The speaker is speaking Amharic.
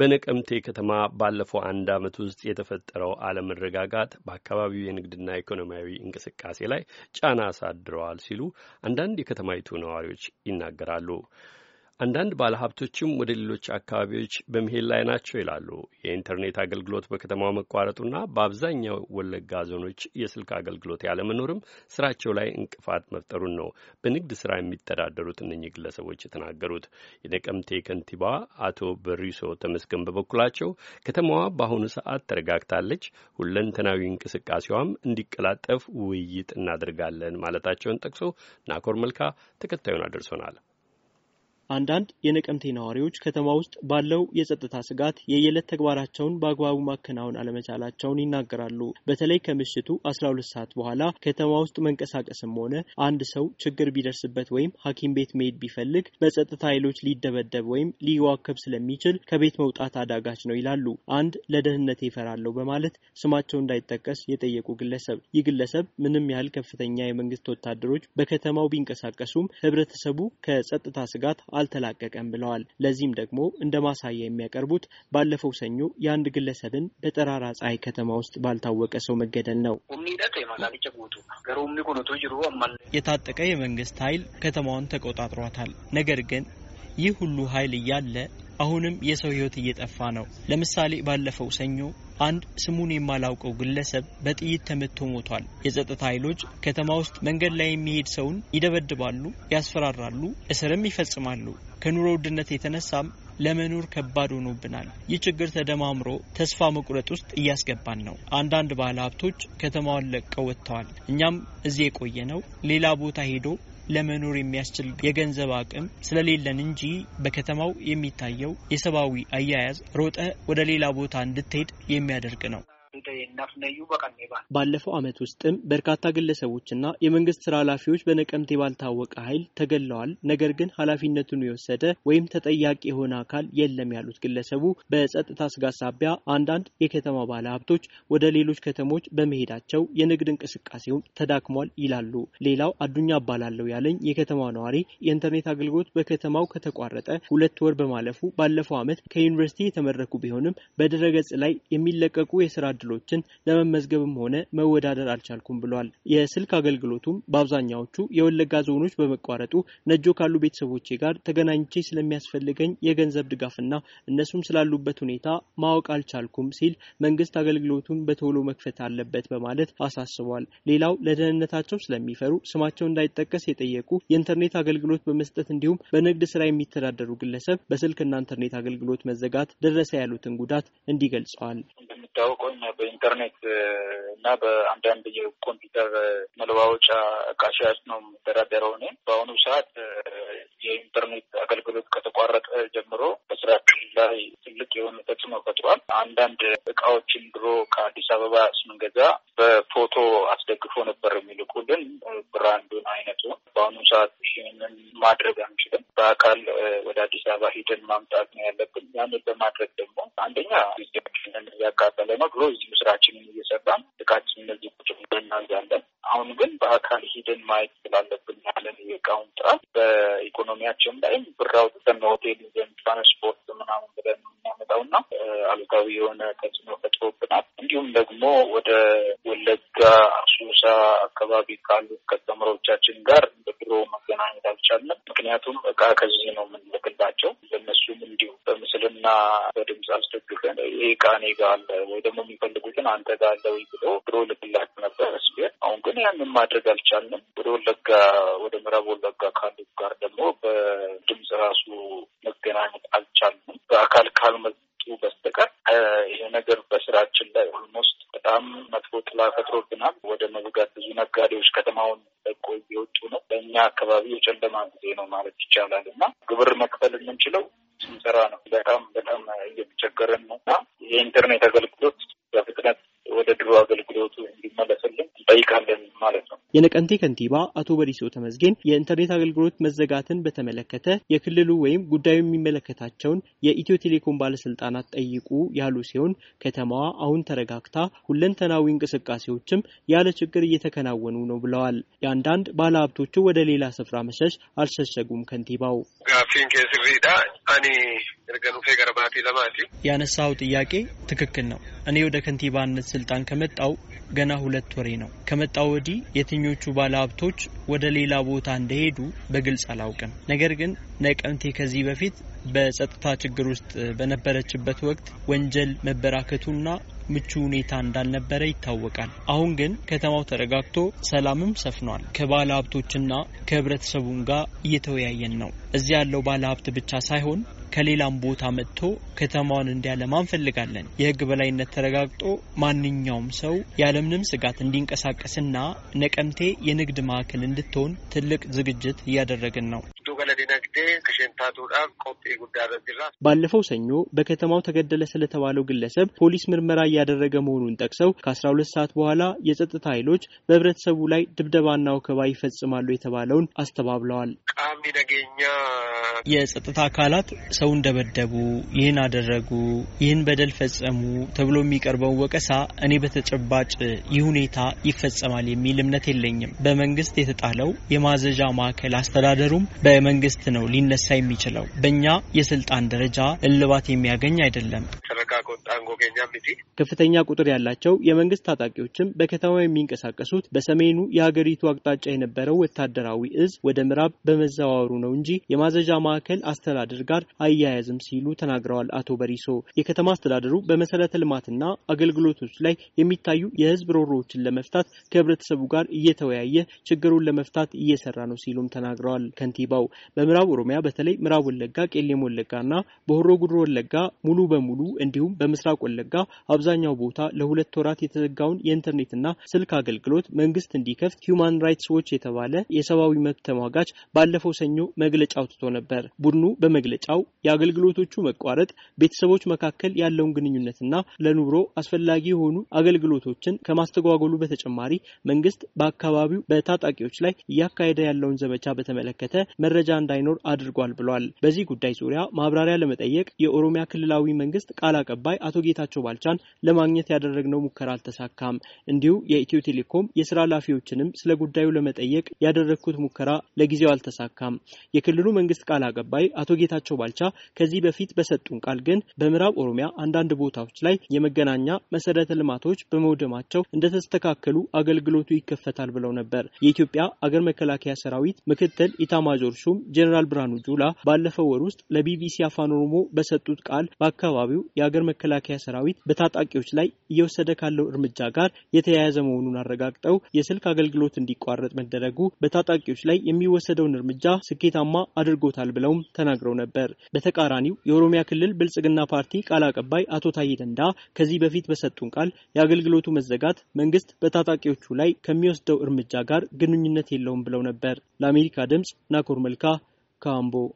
በነቀምቴ ከተማ ባለፈው አንድ ዓመት ውስጥ የተፈጠረው አለመረጋጋት በአካባቢው የንግድና ኢኮኖሚያዊ እንቅስቃሴ ላይ ጫና አሳድረዋል ሲሉ አንዳንድ የከተማይቱ ነዋሪዎች ይናገራሉ። አንዳንድ ባለሀብቶችም ወደ ሌሎች አካባቢዎች በመሄድ ላይ ናቸው ይላሉ። የኢንተርኔት አገልግሎት በከተማው መቋረጡና በአብዛኛው ወለጋ ዞኖች የስልክ አገልግሎት ያለመኖርም ስራቸው ላይ እንቅፋት መፍጠሩን ነው በንግድ ስራ የሚተዳደሩት እነኚህ ግለሰቦች የተናገሩት። የነቀምቴ ከንቲባ አቶ በሪሶ ተመስገን በበኩላቸው ከተማዋ በአሁኑ ሰዓት ተረጋግታለች፣ ሁለንተናዊ እንቅስቃሴዋም እንዲቀላጠፍ ውይይት እናደርጋለን ማለታቸውን ጠቅሶ ናኮር መልካ ተከታዩን አድርሶናል። አንዳንድ የነቀምቴ ነዋሪዎች ከተማ ውስጥ ባለው የጸጥታ ስጋት የየዕለት ተግባራቸውን በአግባቡ ማከናወን አለመቻላቸውን ይናገራሉ። በተለይ ከምሽቱ 12 ሰዓት በኋላ ከተማ ውስጥ መንቀሳቀስም ሆነ አንድ ሰው ችግር ቢደርስበት ወይም ሐኪም ቤት መሄድ ቢፈልግ በጸጥታ ኃይሎች ሊደበደብ ወይም ሊዋከብ ስለሚችል ከቤት መውጣት አዳጋች ነው ይላሉ። አንድ ለደህንነት ይፈራለሁ በማለት ስማቸው እንዳይጠቀስ የጠየቁ ግለሰብ ይህ ግለሰብ ምንም ያህል ከፍተኛ የመንግስት ወታደሮች በከተማው ቢንቀሳቀሱም ህብረተሰቡ ከጸጥታ ስጋት አልተላቀቀም ብለዋል። ለዚህም ደግሞ እንደ ማሳያ የሚያቀርቡት ባለፈው ሰኞ የአንድ ግለሰብን በጠራራ ፀሐይ ከተማ ውስጥ ባልታወቀ ሰው መገደል ነው። የታጠቀ የመንግስት ኃይል ከተማውን ተቆጣጥሯታል። ነገር ግን ይህ ሁሉ ኃይል እያለ አሁንም የሰው ህይወት እየጠፋ ነው። ለምሳሌ ባለፈው ሰኞ አንድ ስሙን የማላውቀው ግለሰብ በጥይት ተመቶ ሞቷል። የጸጥታ ኃይሎች ከተማ ውስጥ መንገድ ላይ የሚሄድ ሰውን ይደበድባሉ፣ ያስፈራራሉ፣ እስርም ይፈጽማሉ። ከኑሮ ውድነት የተነሳም ለመኖር ከባድ ሆኖብናል። ይህ ችግር ተደማምሮ ተስፋ መቁረጥ ውስጥ እያስገባን ነው። አንዳንድ ባለ ሀብቶች ከተማዋን ለቀው ወጥተዋል። እኛም እዚህ የቆየ ነው ሌላ ቦታ ሄዶ ለመኖር የሚያስችል የገንዘብ አቅም ስለሌለን እንጂ በከተማው የሚታየው የሰብአዊ አያያዝ ሮጠ ወደ ሌላ ቦታ እንድትሄድ የሚያደርግ ነው። ባለፈው ዓመት ውስጥም በርካታ ግለሰቦችና የመንግስት ስራ ኃላፊዎች በነቀምቴ ባልታወቀ ኃይል ተገለዋል። ነገር ግን ኃላፊነቱን የወሰደ ወይም ተጠያቂ የሆነ አካል የለም ያሉት ግለሰቡ በጸጥታ ስጋት ሳቢያ አንዳንድ የከተማ ባለ ሀብቶች ወደ ሌሎች ከተሞች በመሄዳቸው የንግድ እንቅስቃሴውን ተዳክሟል ይላሉ። ሌላው አዱኛ አባላለው ያለኝ የከተማ ነዋሪ የኢንተርኔት አገልግሎት በከተማው ከተቋረጠ ሁለት ወር በማለፉ ባለፈው ዓመት ከዩኒቨርሲቲ የተመረኩ ቢሆንም በድረገጽ ላይ የሚለቀቁ የስራ እድሎች ተወዳዳሪዎችን ለመመዝገብም ሆነ መወዳደር አልቻልኩም ብሏል። የስልክ አገልግሎቱም በአብዛኛዎቹ የወለጋ ዞኖች በመቋረጡ ነጆ ካሉ ቤተሰቦቼ ጋር ተገናኝቼ ስለሚያስፈልገኝ የገንዘብ ድጋፍና እነሱም ስላሉበት ሁኔታ ማወቅ አልቻልኩም ሲል መንግስት አገልግሎቱን በቶሎ መክፈት አለበት በማለት አሳስቧል። ሌላው ለደህንነታቸው ስለሚፈሩ ስማቸው እንዳይጠቀስ የጠየቁ የኢንተርኔት አገልግሎት በመስጠት እንዲሁም በንግድ ስራ የሚተዳደሩ ግለሰብ በስልክና ኢንተርኔት አገልግሎት መዘጋት ደረሰ ያሉትን ጉዳት እንዲገልጸዋል። እንደምታውቀው እኛ በኢንተርኔት እና በአንዳንድ የኮምፒውተር መለዋወጫ እቃ ሽያጭ ነው የምተዳደረው። እኔ በአሁኑ ሰዓት የኢንተርኔት አገልግሎት ከተቋረጠ ጀምሮ በስራችን ላይ ትልቅ የሆነ ተጽዕኖ ፈጥሯል። አንዳንድ እቃዎችን ድሮ ከአዲስ አበባ ስንገዛ በፎቶ አስደግፎ ነበር የሚልኩልን ብራንዱን፣ አይነቱን። በአሁኑ ሰዓት ይህንን ማድረግ አንችልም። በአካል ወደ አዲስ አበባ ሂደን ማምጣት ነው ያለብን። ያንን በማድረግ ደግሞ አንደኛ ያንን እያቃጠለ ነው። ድሮ እዚሁ ስራችንን እየሰራን ጥቃችን እነዚህ ቁጭ እናዛለን። አሁን ግን በአካል ሂደን ማየት ስላለብን ያለን የእቃውን ጥራት በኢኮኖሚያችን ላይም ብር አውጥተን ሆቴል ይዘን ትራንስፖርት ምናምን ብለን የሚያመጣው የሚያመጣውና አሉታዊ የሆነ ተጽዕኖ ፈጥሮብናል። እንዲሁም ደግሞ ወደ ወለጋ አሶሳ አካባቢ ካሉ ከስተመሮቻችን ጋር እንደ ድሮ መገናኘት አልቻልንም። ምክንያቱም እቃ ከዚህ ነው የምንልክላቸው እንደነሱም እንዲሁ በምስልና በድምፅ አስደግፈን ይሄ ዕቃ እኔ ጋ አለ ወይ ደግሞ የሚፈልጉትን አንተ ጋ አለ ወይ ብሎ ብሎ ልክላት ነበር ስ አሁን ግን ያንን ማድረግ አልቻልንም። ወደ ወለጋ ወደ ምዕራብ ወለጋ ካሉት ጋር ደግሞ በድምፅ ራሱ መገናኘት አልቻልንም። በአካል ካልመ ይሄ ነገር በስራችን ላይ ኦልሞስት በጣም መጥፎ ጥላ ፈጥሮብናል። ወደ መዝጋት ብዙ ነጋዴዎች ከተማውን ለቆ እየወጡ ነው። በእኛ አካባቢ የጨለማ ጊዜ ነው ማለት ይቻላል እና ግብር መክፈል የምንችለው ስንሰራ ነው። በጣም በጣም እየተቸገረን ነው እና የኢንተርኔት አገልግሎት በፍጥነት ወደ ድሮ አገልግሎቱ እንዲመለስልን እንጠይቃለን። ማለት ነው። የነቀንቴ ከንቲባ አቶ በሪሶ ተመዝጌን የኢንተርኔት አገልግሎት መዘጋትን በተመለከተ የክልሉ ወይም ጉዳዩ የሚመለከታቸውን የኢትዮ ቴሌኮም ባለስልጣናት ጠይቁ ያሉ ሲሆን ከተማዋ አሁን ተረጋግታ ሁለንተናዊ እንቅስቃሴዎችም ያለ ችግር እየተከናወኑ ነው ብለዋል። የአንዳንድ ባለሀብቶቹ ወደ ሌላ ስፍራ መሸሽ አልሸሸጉም። ከንቲባው ያነሳው ጥያቄ ትክክል ነው። እኔ ወደ ከንቲባነት ስልጣን ከመጣው ገና ሁለት ወሬ ነው። ከመጣው ወዲህ እንጂ የትኞቹ ባለሀብቶች ወደ ሌላ ቦታ እንደሄዱ በግልጽ አላውቅም። ነገር ግን ነቀምቴ ከዚህ በፊት በጸጥታ ችግር ውስጥ በነበረችበት ወቅት ወንጀል መበራከቱና ምቹ ሁኔታ እንዳልነበረ ይታወቃል። አሁን ግን ከተማው ተረጋግቶ ሰላምም ሰፍኗል። ከባለ ሀብቶችና ከህብረተሰቡም ጋር እየተወያየን ነው። እዚህ ያለው ባለ ሀብት ብቻ ሳይሆን ከሌላም ቦታ መጥቶ ከተማዋን እንዲያለማ እንፈልጋለን። የህግ በላይነት ተረጋግጦ ማንኛውም ሰው ያለምንም ስጋት እንዲንቀሳቀስና ነቀምቴ የንግድ ማዕከል እንድትሆን ትልቅ ዝግጅት እያደረግን ነው። ባለፈው ሰኞ በከተማው ተገደለ ስለተባለው ግለሰብ ፖሊስ ምርመራ እያደረገ መሆኑን ጠቅሰው ከአስራ ሁለት ሰዓት በኋላ የጸጥታ ኃይሎች በህብረተሰቡ ላይ ድብደባና ወከባ ይፈጽማሉ የተባለውን አስተባብለዋል። የጸጥታ አካላት ሰው እንደበደቡ ይህን አደረጉ፣ ይህን በደል ፈጸሙ ተብሎ የሚቀርበውን ወቀሳ እኔ በተጨባጭ ይህ ሁኔታ ይፈጸማል የሚል እምነት የለኝም። በመንግስት የተጣለው የማዘዣ ማዕከል አስተዳደሩም በመንግስት ነው ሊነሳ የሚችለው በእኛ የስልጣን ደረጃ እልባት የሚያገኝ አይደለም። ከፍተኛ ቁጥር ያላቸው የመንግስት ታጣቂዎችም በከተማ የሚንቀሳቀሱት በሰሜኑ የሀገሪቱ አቅጣጫ የነበረው ወታደራዊ እዝ ወደ ምዕራብ በመዘዋወሩ ነው እንጂ የማዘዣ ማዕከል አስተዳደር ጋር አያያዝም ሲሉ ተናግረዋል። አቶ በሪሶ የከተማ አስተዳደሩ በመሰረተ ልማትና አገልግሎቶች ላይ የሚታዩ የህዝብ ሮሮዎችን ለመፍታት ከህብረተሰቡ ጋር እየተወያየ ችግሩን ለመፍታት እየሰራ ነው ሲሉም ተናግረዋል። ከንቲባው በምዕራብ ኦሮሚያ በተለይ ምዕራብ ወለጋ፣ ቄሌም ወለጋና በሆሮ ጉድሮ ወለጋ ሙሉ በሙሉ እንዲሁም በምስራቅ ወለጋ ስለተዘጋ አብዛኛው ቦታ ለሁለት ወራት የተዘጋውን የኢንተርኔትና ስልክ አገልግሎት መንግስት እንዲከፍት ሂዩማን ራይትስ ዎች የተባለ የሰብአዊ መብት ተሟጋች ባለፈው ሰኞ መግለጫ አውጥቶ ነበር። ቡድኑ በመግለጫው የአገልግሎቶቹ መቋረጥ ቤተሰቦች መካከል ያለውን ግንኙነትና ለኑሮ አስፈላጊ የሆኑ አገልግሎቶችን ከማስተጓጎሉ በተጨማሪ መንግስት በአካባቢው በታጣቂዎች ላይ እያካሄደ ያለውን ዘመቻ በተመለከተ መረጃ እንዳይኖር አድርጓል ብሏል። በዚህ ጉዳይ ዙሪያ ማብራሪያ ለመጠየቅ የኦሮሚያ ክልላዊ መንግስት ቃል አቀባይ አቶ ጌታቸው ጌታቸው ባልቻን ለማግኘት ያደረግነው ሙከራ አልተሳካም። እንዲሁ የኢትዮ ቴሌኮም የስራ ኃላፊዎችንም ስለ ጉዳዩ ለመጠየቅ ያደረግኩት ሙከራ ለጊዜው አልተሳካም። የክልሉ መንግስት ቃል አቀባይ አቶ ጌታቸው ባልቻ ከዚህ በፊት በሰጡን ቃል ግን በምዕራብ ኦሮሚያ አንዳንድ ቦታዎች ላይ የመገናኛ መሰረተ ልማቶች በመውደማቸው እንደተስተካከሉ አገልግሎቱ ይከፈታል ብለው ነበር። የኢትዮጵያ አገር መከላከያ ሰራዊት ምክትል ኢታማዦር ሹም ጀኔራል ብርሃኑ ጁላ ባለፈው ወር ውስጥ ለቢቢሲ አፋን ኦሮሞ በሰጡት ቃል በአካባቢው የአገር መከላከያ ሰራዊት ሰራዊት በታጣቂዎች ላይ እየወሰደ ካለው እርምጃ ጋር የተያያዘ መሆኑን አረጋግጠው የስልክ አገልግሎት እንዲቋረጥ መደረጉ በታጣቂዎች ላይ የሚወሰደውን እርምጃ ስኬታማ አድርጎታል ብለውም ተናግረው ነበር። በተቃራኒው የኦሮሚያ ክልል ብልጽግና ፓርቲ ቃል አቀባይ አቶ ታዬ ደንዳ ከዚህ በፊት በሰጡን ቃል የአገልግሎቱ መዘጋት መንግስት በታጣቂዎቹ ላይ ከሚወስደው እርምጃ ጋር ግንኙነት የለውም ብለው ነበር። ለአሜሪካ ድምጽ ናኮር መልካ ካምቦ